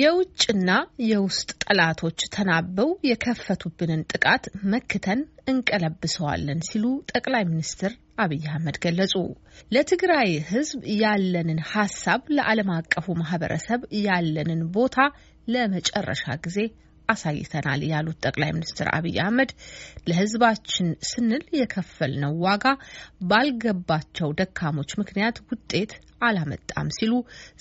የውጭና የውስጥ ጠላቶች ተናበው የከፈቱብንን ጥቃት መክተን እንቀለብሰዋለን ሲሉ ጠቅላይ ሚኒስትር አብይ አህመድ ገለጹ። ለትግራይ ሕዝብ ያለንን ሀሳብ፣ ለዓለም አቀፉ ማህበረሰብ ያለንን ቦታ ለመጨረሻ ጊዜ አሳይተናል ያሉት ጠቅላይ ሚኒስትር አብይ አህመድ ለህዝባችን ስንል የከፈልነው ዋጋ ባልገባቸው ደካሞች ምክንያት ውጤት አላመጣም ሲሉ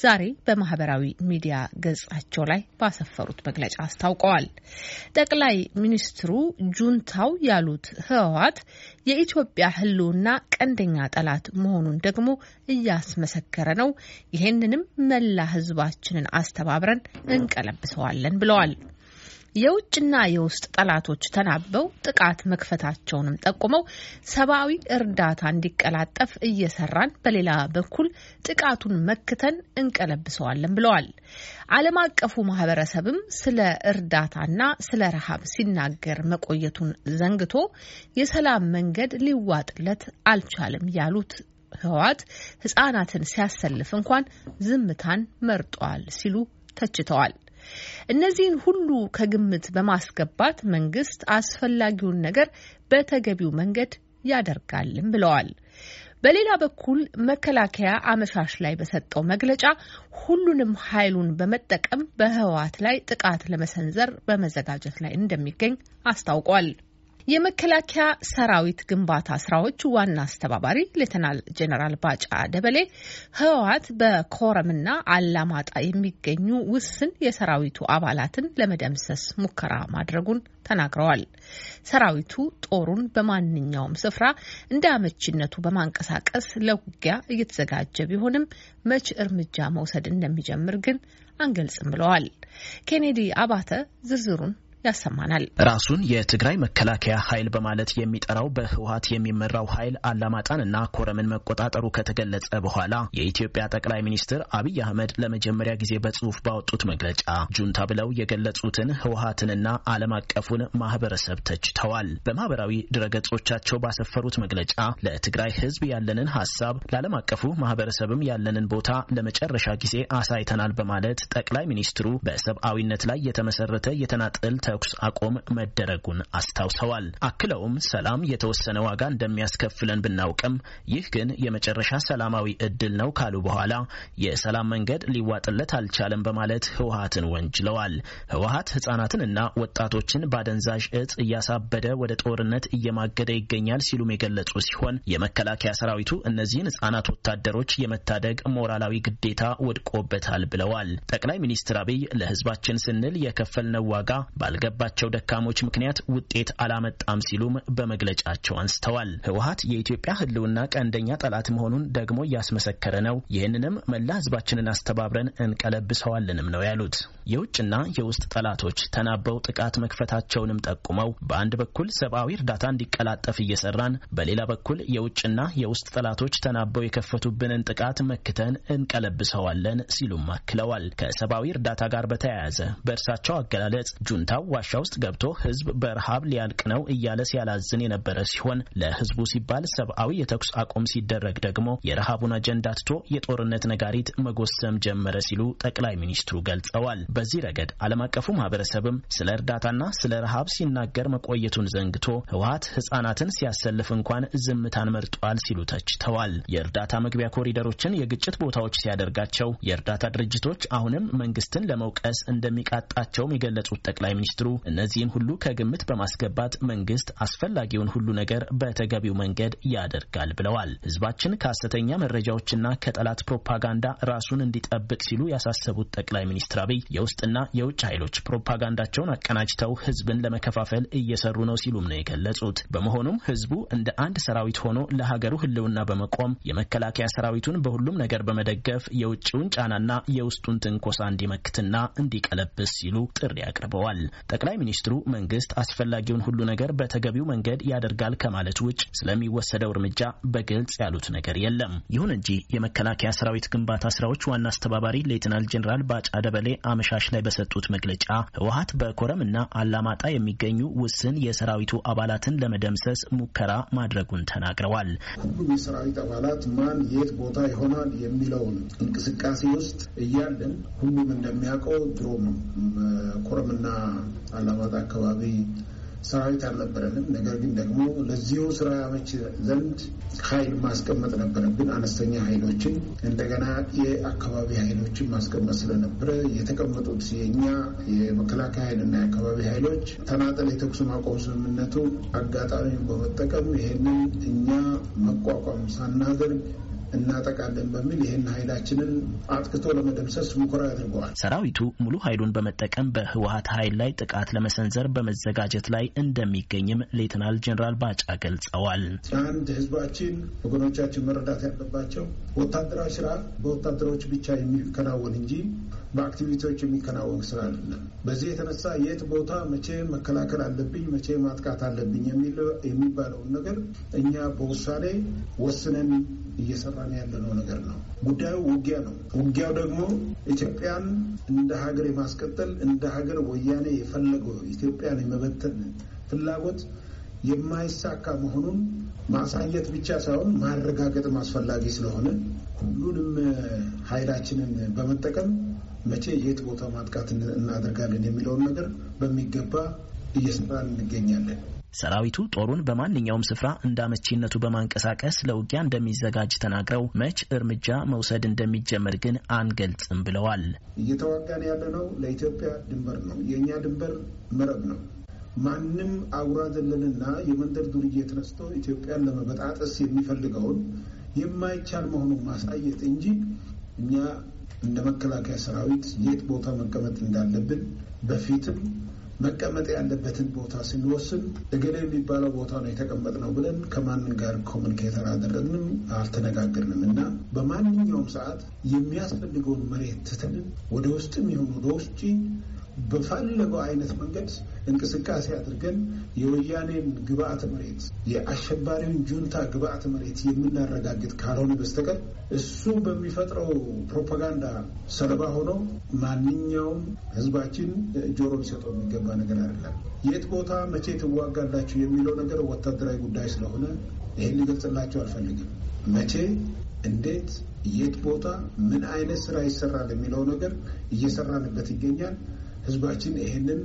ዛሬ በማህበራዊ ሚዲያ ገጻቸው ላይ ባሰፈሩት መግለጫ አስታውቀዋል። ጠቅላይ ሚኒስትሩ ጁንታው ያሉት ህወሀት የኢትዮጵያ ህልውና ቀንደኛ ጠላት መሆኑን ደግሞ እያስመሰከረ ነው። ይህንንም መላ ህዝባችንን አስተባብረን እንቀለብሰዋለን ብለዋል። የውጭና የውስጥ ጠላቶች ተናበው ጥቃት መክፈታቸውንም ጠቁመው ሰብአዊ እርዳታ እንዲቀላጠፍ እየሰራን፣ በሌላ በኩል ጥቃቱን መክተን እንቀለብሰዋለን ብለዋል። ዓለም አቀፉ ማህበረሰብም ስለ እርዳታና ስለ ረሃብ ሲናገር መቆየቱን ዘንግቶ የሰላም መንገድ ሊዋጥለት አልቻለም ያሉት ህወሓት ህጻናትን ሲያሰልፍ እንኳን ዝምታን መርጧል ሲሉ ተችተዋል። እነዚህን ሁሉ ከግምት በማስገባት መንግስት አስፈላጊውን ነገር በተገቢው መንገድ ያደርጋልም ብለዋል። በሌላ በኩል መከላከያ አመሻሽ ላይ በሰጠው መግለጫ ሁሉንም ኃይሉን በመጠቀም በህወሓት ላይ ጥቃት ለመሰንዘር በመዘጋጀት ላይ እንደሚገኝ አስታውቋል። የመከላከያ ሰራዊት ግንባታ ስራዎች ዋና አስተባባሪ ሌተናል ጀነራል ባጫ ደበሌ ህወሓት በኮረምና አላማጣ የሚገኙ ውስን የሰራዊቱ አባላትን ለመደምሰስ ሙከራ ማድረጉን ተናግረዋል። ሰራዊቱ ጦሩን በማንኛውም ስፍራ እንደ አመቺነቱ በማንቀሳቀስ ለውጊያ እየተዘጋጀ ቢሆንም መች እርምጃ መውሰድ እንደሚጀምር ግን አንገልጽም ብለዋል። ኬኔዲ አባተ ዝርዝሩን ያሰማናል። ራሱን የትግራይ መከላከያ ኃይል በማለት የሚጠራው በህወሀት የሚመራው ኃይል አላማጣንና ኮረምን መቆጣጠሩ ከተገለጸ በኋላ የኢትዮጵያ ጠቅላይ ሚኒስትር አብይ አህመድ ለመጀመሪያ ጊዜ በጽሁፍ ባወጡት መግለጫ ጁንታ ብለው የገለጹትን ህወሀትንና ዓለም አቀፉን ማህበረሰብ ተችተዋል። በማህበራዊ ድረገጾቻቸው ባሰፈሩት መግለጫ ለትግራይ ህዝብ ያለንን ሀሳብ ለዓለም አቀፉ ማህበረሰብም ያለንን ቦታ ለመጨረሻ ጊዜ አሳይተናል በማለት ጠቅላይ ሚኒስትሩ በሰብአዊነት ላይ የተመሰረተ የተናጠል ተኩስ አቆም መደረጉን አስታውሰዋል። አክለውም ሰላም የተወሰነ ዋጋ እንደሚያስከፍለን ብናውቅም ይህ ግን የመጨረሻ ሰላማዊ እድል ነው ካሉ በኋላ የሰላም መንገድ ሊዋጥለት አልቻለም በማለት ህወሀትን ወንጅለዋል። ህወሀት ህጻናትንና ወጣቶችን ባደንዛዥ እጽ እያሳበደ ወደ ጦርነት እየማገደ ይገኛል ሲሉም የገለጹ ሲሆን የመከላከያ ሰራዊቱ እነዚህን ህጻናት ወታደሮች የመታደግ ሞራላዊ ግዴታ ወድቆበታል ብለዋል። ጠቅላይ ሚኒስትር አብይ ለህዝባችን ስንል የከፈልነው ዋጋ ባል ባልገባቸው ደካሞች ምክንያት ውጤት አላመጣም ሲሉም በመግለጫቸው አንስተዋል። ህወሀት የኢትዮጵያ ህልውና ቀንደኛ ጠላት መሆኑን ደግሞ እያስመሰከረ ነው። ይህንንም መላ ህዝባችንን አስተባብረን እንቀለብሰዋልንም ነው ያሉት። የውጭና የውስጥ ጠላቶች ተናበው ጥቃት መክፈታቸውንም ጠቁመው በአንድ በኩል ሰብአዊ እርዳታ እንዲቀላጠፍ እየሰራን፣ በሌላ በኩል የውጭና የውስጥ ጠላቶች ተናበው የከፈቱብንን ጥቃት መክተን እንቀለብሰዋለን ሲሉም አክለዋል። ከሰብአዊ እርዳታ ጋር በተያያዘ በእርሳቸው አገላለጽ ጁንታው ዋሻ ውስጥ ገብቶ ህዝብ በረሃብ ሊያልቅ ነው እያለ ሲያላዝን የነበረ ሲሆን ለህዝቡ ሲባል ሰብአዊ የተኩስ አቁም ሲደረግ ደግሞ የረሃቡን አጀንዳ ትቶ የጦርነት ነጋሪት መጎሰም ጀመረ ሲሉ ጠቅላይ ሚኒስትሩ ገልጸዋል። በዚህ ረገድ ዓለም አቀፉ ማህበረሰብም ስለ እርዳታና ስለ ረሃብ ሲናገር መቆየቱን ዘንግቶ ህወሀት ህጻናትን ሲያሰልፍ እንኳን ዝምታን መርጧል ሲሉ ተችተዋል። የእርዳታ መግቢያ ኮሪደሮችን የግጭት ቦታዎች ሲያደርጋቸው የእርዳታ ድርጅቶች አሁንም መንግስትን ለመውቀስ እንደሚቃጣቸውም የገለጹት ጠቅላይ ሚኒስትሩ ሚኒስትሩ እነዚህን ሁሉ ከግምት በማስገባት መንግስት አስፈላጊውን ሁሉ ነገር በተገቢው መንገድ ያደርጋል ብለዋል። ህዝባችን ከሐሰተኛ መረጃዎችና ከጠላት ፕሮፓጋንዳ ራሱን እንዲጠብቅ ሲሉ ያሳሰቡት ጠቅላይ ሚኒስትር አብይ የውስጥና የውጭ ኃይሎች ፕሮፓጋንዳቸውን አቀናጅተው ህዝብን ለመከፋፈል እየሰሩ ነው ሲሉም ነው የገለጹት። በመሆኑም ህዝቡ እንደ አንድ ሰራዊት ሆኖ ለሀገሩ ህልውና በመቆም የመከላከያ ሰራዊቱን በሁሉም ነገር በመደገፍ የውጭውን ጫናና የውስጡን ትንኮሳ እንዲመክትና እንዲቀለብስ ሲሉ ጥሪ አቅርበዋል። ጠቅላይ ሚኒስትሩ መንግስት አስፈላጊውን ሁሉ ነገር በተገቢው መንገድ ያደርጋል ከማለት ውጭ ስለሚወሰደው እርምጃ በግልጽ ያሉት ነገር የለም። ይሁን እንጂ የመከላከያ ሰራዊት ግንባታ ስራዎች ዋና አስተባባሪ ሌትናል ጀኔራል ባጫ ደበሌ አመሻሽ ላይ በሰጡት መግለጫ ህወሀት በኮረምና አላማጣ የሚገኙ ውስን የሰራዊቱ አባላትን ለመደምሰስ ሙከራ ማድረጉን ተናግረዋል። ሁሉም የሰራዊት አባላት ማን የት ቦታ ይሆናል የሚለውን እንቅስቃሴ ውስጥ እያለን ሁሉም እንደሚያውቀው ድሮም ኮረምና አላማት አካባቢ ሰራዊት አልነበረንም። ነገር ግን ደግሞ ለዚሁ ስራ ያመች ዘንድ ኃይል ማስቀመጥ ነበረብን። አነስተኛ ኃይሎችን እንደገና የአካባቢ ኃይሎችን ማስቀመጥ ስለነበረ የተቀመጡት የእኛ የመከላከያ ኃይልና የአካባቢ ኃይሎች ተናጠል የተኩስ ማቆም ስምምነቱ አጋጣሚ በመጠቀም ይህንን እኛ መቋቋም ሳናደርግ እናጠቃለን በሚል ይህን ኃይላችንን አጥቅቶ ለመደምሰስ ሙከራ አድርገዋል። ሰራዊቱ ሙሉ ኃይሉን በመጠቀም በህወሀት ኃይል ላይ ጥቃት ለመሰንዘር በመዘጋጀት ላይ እንደሚገኝም ሌትናል ጀኔራል ባጫ ገልጸዋል። አንድ ህዝባችን ወገኖቻችን መረዳት ያለባቸው ወታደራዊ ስራ በወታደሮች ብቻ የሚከናወን እንጂ በአክቲቪቲዎች የሚከናወን ስራ አይደለም። በዚህ የተነሳ የት ቦታ መቼ መከላከል አለብኝ፣ መቼ ማጥቃት አለብኝ የሚባለውን ነገር እኛ በውሳኔ ወስነን እየሰራን ያለነው ነገር ነው። ጉዳዩ ውጊያ ነው። ውጊያው ደግሞ ኢትዮጵያን እንደ ሀገር የማስቀጠል እንደ ሀገር ወያኔ የፈለገው ኢትዮጵያን የመበተን ፍላጎት የማይሳካ መሆኑን ማሳየት ብቻ ሳይሆን ማረጋገጥም አስፈላጊ ስለሆነ ሁሉንም ኃይላችንን በመጠቀም መቼ የት ቦታ ማጥቃት እናደርጋለን የሚለውን ነገር በሚገባ እየሰራን እንገኛለን። ሰራዊቱ ጦሩን በማንኛውም ስፍራ እንደ አመቺነቱ በማንቀሳቀስ ለውጊያ እንደሚዘጋጅ ተናግረው መች እርምጃ መውሰድ እንደሚጀመር ግን አንገልጽም ብለዋል። እየተዋጋን ያለነው ለኢትዮጵያ ድንበር ነው። የእኛ ድንበር መረብ ነው። ማንም አውራ ዘለልና የመንደር ዱርዬ ተነስቶ ኢትዮጵያን ለመበጣጠስ የሚፈልገውን የማይቻል መሆኑን ማሳየት እንጂ እኛ እንደ መከላከያ ሰራዊት የት ቦታ መቀመጥ እንዳለብን በፊትም መቀመጥ ያለበትን ቦታ ስንወስን እገሌ የሚባለው ቦታ ነው የተቀመጥነው ብለን ከማንም ጋር ኮሚኒኬተር አደረግንም አልተነጋገርንም እና በማንኛውም ሰዓት የሚያስፈልገውን መሬት ትተን ወደ ውስጥም ይሁን ወደ ውጭ በፈለገው አይነት መንገድ እንቅስቃሴ አድርገን የወያኔን ግብአት መሬት የአሸባሪውን ጁንታ ግብአት መሬት የምናረጋግጥ ካልሆነ በስተቀር እሱ በሚፈጥረው ፕሮፓጋንዳ ሰለባ ሆኖ ማንኛውም ህዝባችን ጆሮ ሊሰጠው የሚገባ ነገር አይደለም። የት ቦታ መቼ ትዋጋላችሁ የሚለው ነገር ወታደራዊ ጉዳይ ስለሆነ ይህን ሊገልጽላቸው አልፈልግም። መቼ፣ እንዴት፣ የት ቦታ ምን አይነት ስራ ይሰራል የሚለው ነገር እየሰራንበት ይገኛል። ህዝባችን ይህንን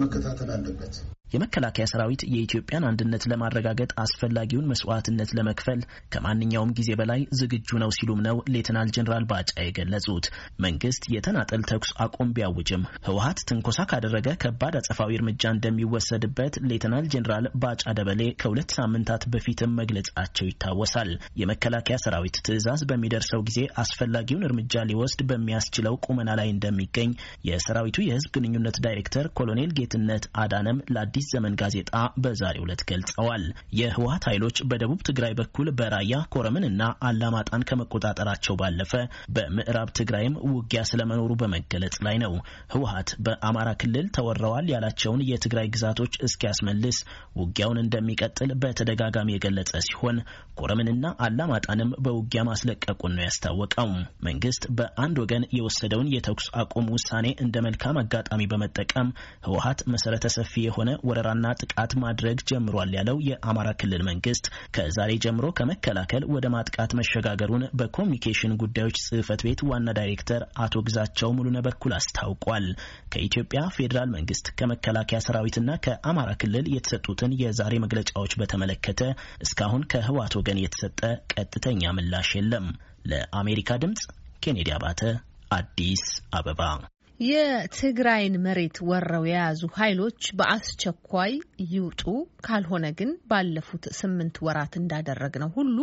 መከታተል አለበት። የመከላከያ ሰራዊት የኢትዮጵያን አንድነት ለማረጋገጥ አስፈላጊውን መስዋዕትነት ለመክፈል ከማንኛውም ጊዜ በላይ ዝግጁ ነው ሲሉም ነው ሌትናል ጀኔራል ባጫ የገለጹት። መንግስት የተናጠል ተኩስ አቁም ቢያውጅም ህወሀት ትንኮሳ ካደረገ ከባድ አጸፋዊ እርምጃ እንደሚወሰድበት ሌትናል ጀኔራል ባጫ ደበሌ ከሁለት ሳምንታት በፊትም መግለጻቸው ይታወሳል። የመከላከያ ሰራዊት ትዕዛዝ በሚደርሰው ጊዜ አስፈላጊውን እርምጃ ሊወስድ በሚያስችለው ቁመና ላይ እንደሚገኝ የሰራዊቱ የህዝብ ግንኙነት ዳይሬክተር ኮሎኔል ጌትነት አዳነም አዲስ ዘመን ጋዜጣ በዛሬው ዕለት ገልጸዋል። የህወሀት ኃይሎች በደቡብ ትግራይ በኩል በራያ ኮረምን እና አላማጣን ከመቆጣጠራቸው ባለፈ በምዕራብ ትግራይም ውጊያ ስለመኖሩ በመገለጽ ላይ ነው። ህወሀት በአማራ ክልል ተወረዋል ያላቸውን የትግራይ ግዛቶች እስኪያስመልስ ውጊያውን እንደሚቀጥል በተደጋጋሚ የገለጸ ሲሆን ኮረምንና አላማጣንም በውጊያ ማስለቀቁን ነው ያስታወቀው። መንግስት በአንድ ወገን የወሰደውን የተኩስ አቁም ውሳኔ እንደ መልካም አጋጣሚ በመጠቀም ህወሀት መሰረተ ሰፊ የሆነ ወረራና ጥቃት ማድረግ ጀምሯል ያለው የአማራ ክልል መንግስት ከዛሬ ጀምሮ ከመከላከል ወደ ማጥቃት መሸጋገሩን በኮሚኒኬሽን ጉዳዮች ጽህፈት ቤት ዋና ዳይሬክተር አቶ ግዛቸው ሙሉነ በኩል አስታውቋል። ከኢትዮጵያ ፌዴራል መንግስት ከመከላከያ ሰራዊትና ከአማራ ክልል የተሰጡትን የዛሬ መግለጫዎች በተመለከተ እስካሁን ከህወሓት ወገን የተሰጠ ቀጥተኛ ምላሽ የለም። ለአሜሪካ ድምጽ ኬኔዲ አባተ አዲስ አበባ የትግራይን መሬት ወረው የያዙ ኃይሎች በአስቸኳይ ይውጡ፣ ካልሆነ ግን ባለፉት ስምንት ወራት እንዳደረግነው ሁሉ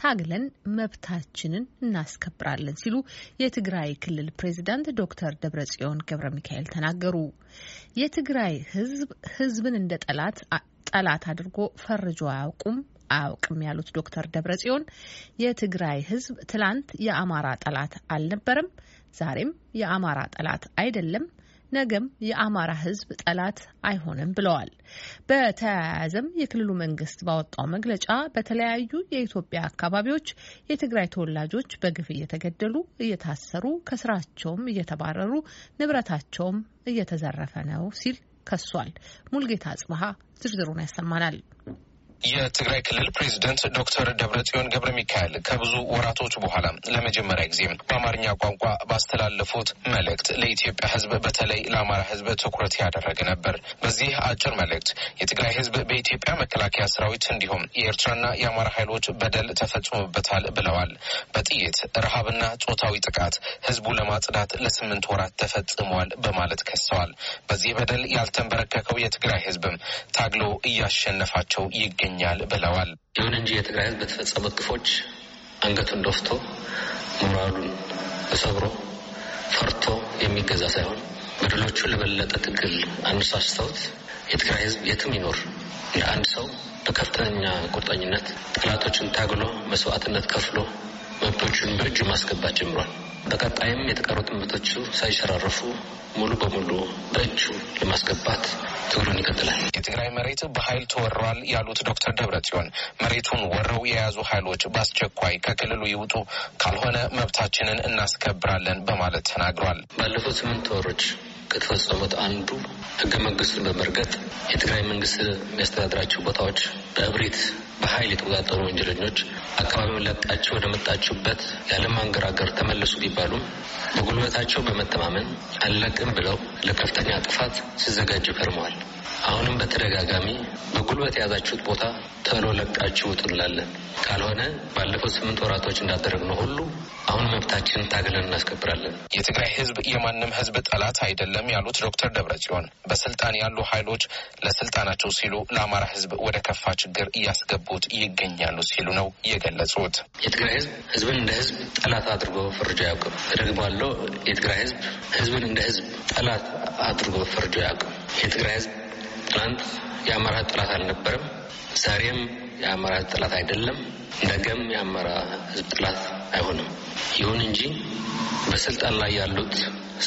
ታግለን መብታችንን እናስከብራለን ሲሉ የትግራይ ክልል ፕሬዚዳንት ዶክተር ደብረጽዮን ገብረ ሚካኤል ተናገሩ። የትግራይ ሕዝብ ሕዝብን እንደ ጠላት ጠላት አድርጎ ፈርጆ አያውቁም አያውቅም ያሉት ዶክተር ደብረጽዮን የትግራይ ሕዝብ ትላንት የአማራ ጠላት አልነበረም ዛሬም የአማራ ጠላት አይደለም ነገም የአማራ ሕዝብ ጠላት አይሆንም ብለዋል። በተያያዘም የክልሉ መንግስት ባወጣው መግለጫ በተለያዩ የኢትዮጵያ አካባቢዎች የትግራይ ተወላጆች በግፍ እየተገደሉ፣ እየታሰሩ፣ ከስራቸውም እየተባረሩ ንብረታቸውም እየተዘረፈ ነው ሲል ከሷል። ሙልጌታ ጽብሃ ዝርዝሩን ያሰማናል። የትግራይ ክልል ፕሬዚደንት ዶክተር ደብረጽዮን ገብረ ሚካኤል ከብዙ ወራቶች በኋላ ለመጀመሪያ ጊዜ በአማርኛ ቋንቋ ባስተላለፉት መልእክት ለኢትዮጵያ ሕዝብ በተለይ ለአማራ ሕዝብ ትኩረት ያደረገ ነበር። በዚህ አጭር መልእክት የትግራይ ሕዝብ በኢትዮጵያ መከላከያ ሰራዊት እንዲሁም የኤርትራና የአማራ ኃይሎች በደል ተፈጽሞበታል ብለዋል። በጥይት ረሃብና ጾታዊ ጥቃት ሕዝቡ ለማጽዳት ለስምንት ወራት ተፈጽመዋል በማለት ከሰዋል። በዚህ በደል ያልተንበረከከው የትግራይ ሕዝብም ታግሎ እያሸነፋቸው ይገ ይገኛል ብለዋል። ይሁን እንጂ የትግራይ ህዝብ በተፈጸሙት ግፎች አንገቱን ደፍቶ ሞራሉን ሰብሮ ፈርቶ የሚገዛ ሳይሆን በድሎቹ ለበለጠ ትግል አነሳስተውት የትግራይ ህዝብ የትም ይኖር እንደ አንድ ሰው በከፍተኛ ቁርጠኝነት ጠላቶችን ታግሎ መስዋዕትነት ከፍሎ መብቶችን በእጁ ማስገባት ጀምሯል። በቀጣይም የተቀሩት መብቶች ሳይሸራረፉ ሙሉ በሙሉ በእጁ ለማስገባት ትግሉን ይቀጥላል። የትግራይ መሬት በኃይል ተወሯል ያሉት ዶክተር ጽዮን መሬቱን ወረው የያዙ ኃይሎች በአስቸኳይ ከክልሉ ይውጡ፣ ካልሆነ መብታችንን እናስከብራለን በማለት ተናግሯል። ባለፉት ስምንት ወሮች ከተፈጸሙት አንዱ ህገ መንግስቱን በመርገጥ የትግራይ መንግስት የሚያስተዳድራቸው ቦታዎች በእብሪት በኃይል የተቆጣጠሩ ወንጀለኞች አካባቢውን ለቃቸው ወደመጣችሁበት ያለማንገራገር ተመለሱ ቢባሉም በጉልበታቸው በመተማመን አለቅም ብለው ለከፍተኛ ጥፋት ሲዘጋጁ ከርመዋል። አሁንም በተደጋጋሚ በጉልበት የያዛችሁት ቦታ ተሎ ለቃችሁ እንላለን። ካልሆነ ባለፈው ስምንት ወራቶች እንዳደረግነው ሁሉ አሁን መብታችንን ታግለን እናስከብራለን። የትግራይ ህዝብ የማንም ህዝብ ጠላት አይደለም ያሉት ዶክተር ደብረጽዮን በስልጣን ያሉ ኃይሎች ለስልጣናቸው ሲሉ ለአማራ ህዝብ ወደ ከፋ ችግር እያስገቡት ይገኛሉ ሲሉ ነው የገለጹት። የትግራይ ህዝብ ህዝብን እንደ ህዝብ ጠላት አድርጎ ፈርጆ አያውቅም። እደግማለሁ፣ የትግራይ ህዝብ ህዝብን እንደ ህዝብ ጠላት አድርጎ ፈርጆ አያውቅም። የትግራይ ህዝብ ትናንት የአማራ ጥላት አልነበረም። ዛሬም የአማራ ጥላት አይደለም። ነገም የአማራ ህዝብ ጥላት አይሆንም። ይሁን እንጂ በስልጣን ላይ ያሉት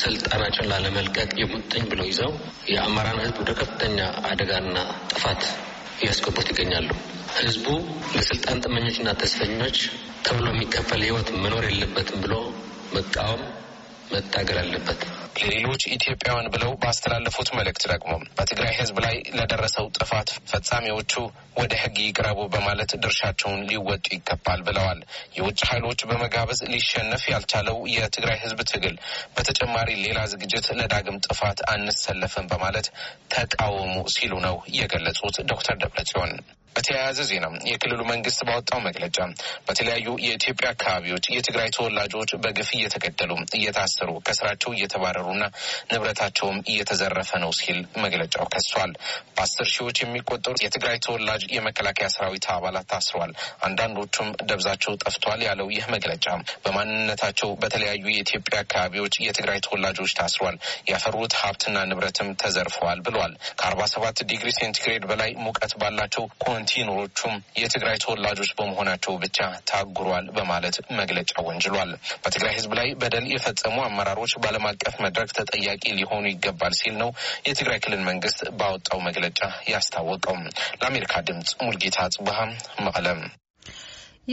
ስልጣናቸውን ላለመልቀቅ የሙጥኝ ብለው ይዘው የአማራን ህዝብ ወደ ከፍተኛ አደጋና ጥፋት እያስገቡት ይገኛሉ። ህዝቡ ለስልጣን ጥመኞችና ተስፈኞች ተብሎ የሚከፈል ህይወት መኖር የለበትም ብሎ መቃወም መታገል አለበት። ለሌሎች ኢትዮጵያውያን ብለው ባስተላለፉት መልእክት ደግሞ በትግራይ ህዝብ ላይ ለደረሰው ጥፋት ፈጻሚዎቹ ወደ ህግ ይቅረቡ በማለት ድርሻቸውን ሊወጡ ይገባል ብለዋል። የውጭ ኃይሎች በመጋበዝ ሊሸነፍ ያልቻለው የትግራይ ህዝብ ትግል በተጨማሪ ሌላ ዝግጅት ለዳግም ጥፋት አንሰለፍም በማለት ተቃወሙ ሲሉ ነው የገለጹት ዶክተር ደብረጽዮን በተያያዘ ዜና የክልሉ መንግስት ባወጣው መግለጫ በተለያዩ የኢትዮጵያ አካባቢዎች የትግራይ ተወላጆች በግፍ እየተገደሉ፣ እየታሰሩ፣ ከስራቸው እየተባረሩና ንብረታቸውም እየተዘረፈ ነው ሲል መግለጫው ከሷል። በአስር ሺዎች የሚቆጠሩ የትግራይ ተወላጅ የመከላከያ ሰራዊት አባላት ታስረዋል። አንዳንዶቹም ደብዛቸው ጠፍቷል ያለው ይህ መግለጫ በማንነታቸው በተለያዩ የኢትዮጵያ አካባቢዎች የትግራይ ተወላጆች ታስሯል፣ ያፈሩት ሀብትና ንብረትም ተዘርፈዋል ብሏል። ከአርባ ሰባት ዲግሪ ሴንቲግሬድ በላይ ሙቀት ባላቸው ኮን ፊሊፒኖቹም የትግራይ ተወላጆች በመሆናቸው ብቻ ታጉሯል በማለት መግለጫ ወንጅሏል። በትግራይ ህዝብ ላይ በደል የፈጸሙ አመራሮች በዓለም አቀፍ መድረክ ተጠያቂ ሊሆኑ ይገባል ሲል ነው የትግራይ ክልል መንግስት ባወጣው መግለጫ ያስታወቀው። ለአሜሪካ ድምጽ ሙልጌታ ጽብሃ መቀለም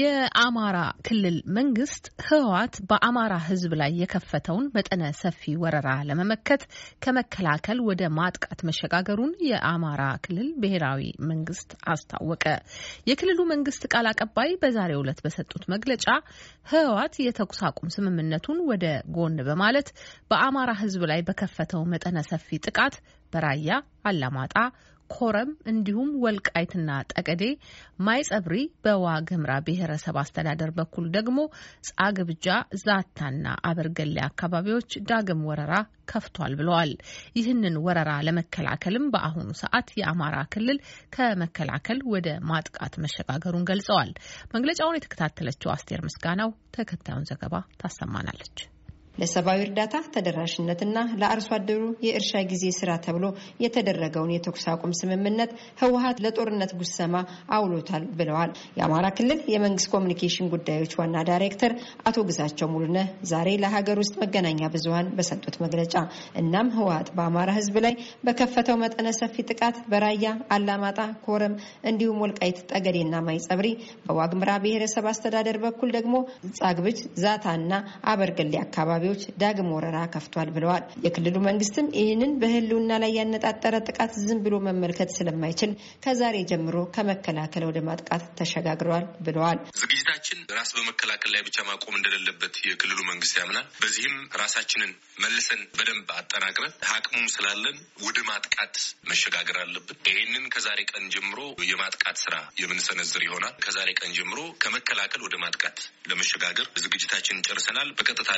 የአማራ ክልል መንግስት ህወሓት በአማራ ህዝብ ላይ የከፈተውን መጠነ ሰፊ ወረራ ለመመከት ከመከላከል ወደ ማጥቃት መሸጋገሩን የአማራ ክልል ብሔራዊ መንግስት አስታወቀ። የክልሉ መንግስት ቃል አቀባይ በዛሬው ዕለት በሰጡት መግለጫ ህወሓት የተኩስ አቁም ስምምነቱን ወደ ጎን በማለት በአማራ ህዝብ ላይ በከፈተው መጠነ ሰፊ ጥቃት በራያ አላማጣ ኮረም እንዲሁም ወልቃይትና ጠቀዴ ማይጸብሪ በዋግ ኽምራ ብሔረሰብ አስተዳደር በኩል ደግሞ ጻግብጃ፣ ዛታና አበርገሌ አካባቢዎች ዳግም ወረራ ከፍቷል ብለዋል። ይህንን ወረራ ለመከላከልም በአሁኑ ሰዓት የአማራ ክልል ከመከላከል ወደ ማጥቃት መሸጋገሩን ገልጸዋል። መግለጫውን የተከታተለችው አስቴር ምስጋናው ተከታዩን ዘገባ ታሰማናለች። ለሰብአዊ እርዳታ ተደራሽነትና ለአርሶ አደሩ የእርሻ ጊዜ ስራ ተብሎ የተደረገውን የተኩስ አቁም ስምምነት ህወሀት ለጦርነት ጉሰማ አውሎታል ብለዋል። የአማራ ክልል የመንግስት ኮሚኒኬሽን ጉዳዮች ዋና ዳይሬክተር አቶ ግዛቸው ሙሉነህ ዛሬ ለሀገር ውስጥ መገናኛ ብዙሀን በሰጡት መግለጫ እናም ህወሀት በአማራ ህዝብ ላይ በከፈተው መጠነ ሰፊ ጥቃት በራያ አላማጣ፣ ኮረም እንዲሁም ወልቃይት ጠገዴና ማይጸብሪ በዋግምራ ብሔረሰብ አስተዳደር በኩል ደግሞ ጻግብጅ፣ ዛታ እና አበርገሌ አካባቢ አካባቢዎች ዳግም ወረራ ከፍቷል ብለዋል። የክልሉ መንግስትም ይህንን በህልውና ላይ ያነጣጠረ ጥቃት ዝም ብሎ መመልከት ስለማይችል ከዛሬ ጀምሮ ከመከላከል ወደ ማጥቃት ተሸጋግረዋል ብለዋል። ዝግጅታችን ራስ በመከላከል ላይ ብቻ ማቆም እንደሌለበት የክልሉ መንግስት ያምናል። በዚህም ራሳችንን መልሰን በደንብ አጠናቅረን አቅሙም ስላለን ወደ ማጥቃት መሸጋገር አለብን። ይህንን ከዛሬ ቀን ጀምሮ የማጥቃት ስራ የምንሰነዝር ይሆናል። ከዛሬ ቀን ጀምሮ ከመከላከል ወደ ማጥቃት ለመሸጋገር ዝግጅታችንን ጨርሰናል። በቀጥታ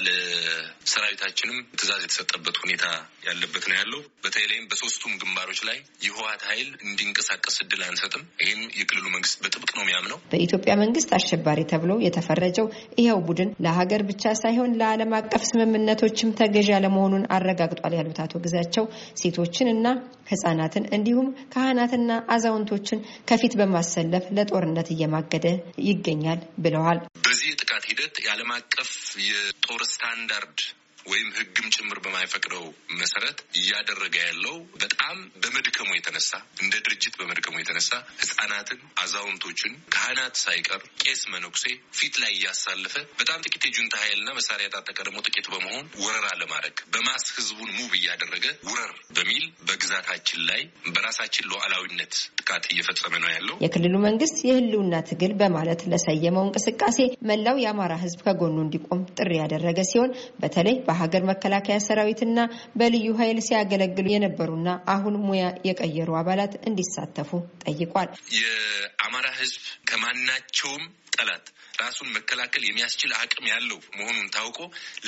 ሰራዊታችንም ትእዛዝ የተሰጠበት ሁኔታ ያለበት ነው ያለው። በተለይም በሶስቱም ግንባሮች ላይ የህወሓት ኃይል እንዲንቀሳቀስ እድል አንሰጥም። ይህም የክልሉ መንግስት በጥብቅ ነው የሚያምነው። በኢትዮጵያ መንግስት አሸባሪ ተብሎ የተፈረጀው ይኸው ቡድን ለሀገር ብቻ ሳይሆን ለዓለም አቀፍ ስምምነቶችም ተገዥ ያለመሆኑን አረጋግጧል ያሉት አቶ ግዛቸው ሴቶችን እና ህጻናትን እንዲሁም ካህናትና አዛውንቶችን ከፊት በማሰለፍ ለጦርነት እየማገደ ይገኛል ብለዋል። በዚህ የጥቃት ሂደት የዓለም አቀፍ የጦር ስታንዳርድ described ወይም ህግም ጭምር በማይፈቅደው መሰረት እያደረገ ያለው በጣም በመድከሙ የተነሳ እንደ ድርጅት በመድከሙ የተነሳ ህጻናትን፣ አዛውንቶችን፣ ካህናት ሳይቀር ቄስ፣ መነኩሴ ፊት ላይ እያሳለፈ በጣም ጥቂት የጁንታ ኃይልና መሳሪያ የታጠቀ ደግሞ ጥቂት በመሆን ወረራ ለማድረግ በማስ ህዝቡን ሙብ እያደረገ ውረር በሚል በግዛታችን ላይ በራሳችን ሉዓላዊነት ጥቃት እየፈጸመ ነው ያለው። የክልሉ መንግስት የህልውና ትግል በማለት ለሰየመው እንቅስቃሴ መላው የአማራ ህዝብ ከጎኑ እንዲቆም ጥሪ ያደረገ ሲሆን በተለይ በ በሀገር መከላከያ ሰራዊትና በልዩ ኃይል ሲያገለግሉ የነበሩና አሁን ሙያ የቀየሩ አባላት እንዲሳተፉ ጠይቋል። የአማራ ሕዝብ ከማናቸውም ጠላት ራሱን መከላከል የሚያስችል አቅም ያለው መሆኑን ታውቆ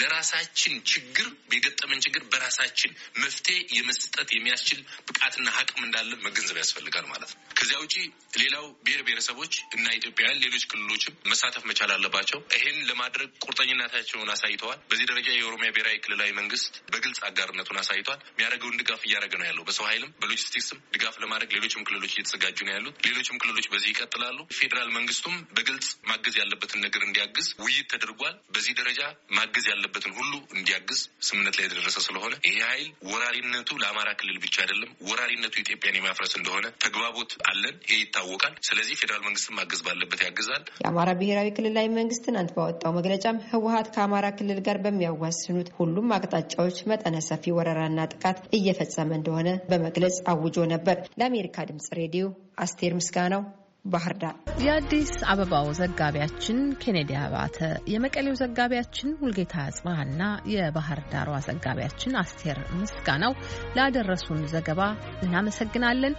ለራሳችን ችግር የገጠመን ችግር በራሳችን መፍትሄ የመስጠት የሚያስችል ብቃትና አቅም እንዳለ መገንዘብ ያስፈልጋል ማለት ነው። ከዚያ ውጪ ሌላው ብሔር ብሔረሰቦች እና ኢትዮጵያውያን ሌሎች ክልሎችም መሳተፍ መቻል አለባቸው። ይህን ለማድረግ ቁርጠኝነታቸውን አሳይተዋል። በዚህ ደረጃ የኦሮሚያ ብሔራዊ ክልላዊ መንግስት በግልጽ አጋርነቱን አሳይቷል። የሚያደርገውን ድጋፍ እያደረገ ነው ያለው። በሰው ኃይልም በሎጂስቲክስም ድጋፍ ለማድረግ ሌሎችም ክልሎች እየተዘጋጁ ነው ያሉት። ሌሎችም ክልሎች በዚህ ይቀጥላሉ። ፌዴራል መንግስቱም በግልጽ ማገዝ ያለ ያለበትን ነገር እንዲያግዝ ውይይት ተደርጓል። በዚህ ደረጃ ማገዝ ያለበትን ሁሉ እንዲያግዝ ስምምነት ላይ የተደረሰ ስለሆነ ይሄ ኃይል ወራሪነቱ ለአማራ ክልል ብቻ አይደለም፣ ወራሪነቱ ኢትዮጵያን የማፍረስ እንደሆነ ተግባቦት አለን። ይሄ ይታወቃል። ስለዚህ ፌዴራል መንግስት ማገዝ ባለበት ያግዛል። የአማራ ብሔራዊ ክልላዊ መንግስት ትናንት ባወጣው መግለጫም ህወሀት ከአማራ ክልል ጋር በሚያዋስኑት ሁሉም አቅጣጫዎች መጠነ ሰፊ ወረራና ጥቃት እየፈጸመ እንደሆነ በመግለጽ አውጆ ነበር። ለአሜሪካ ድምጽ ሬዲዮ አስቴር ምስጋናው ባህር ዳር። የአዲስ አበባው ዘጋቢያችን ኬኔዲ አባተ፣ የመቀሌው ዘጋቢያችን ሙልጌታ ጽባህና የባህር ዳሯ ዘጋቢያችን አስቴር ምስጋናው ላደረሱን ዘገባ እናመሰግናለን።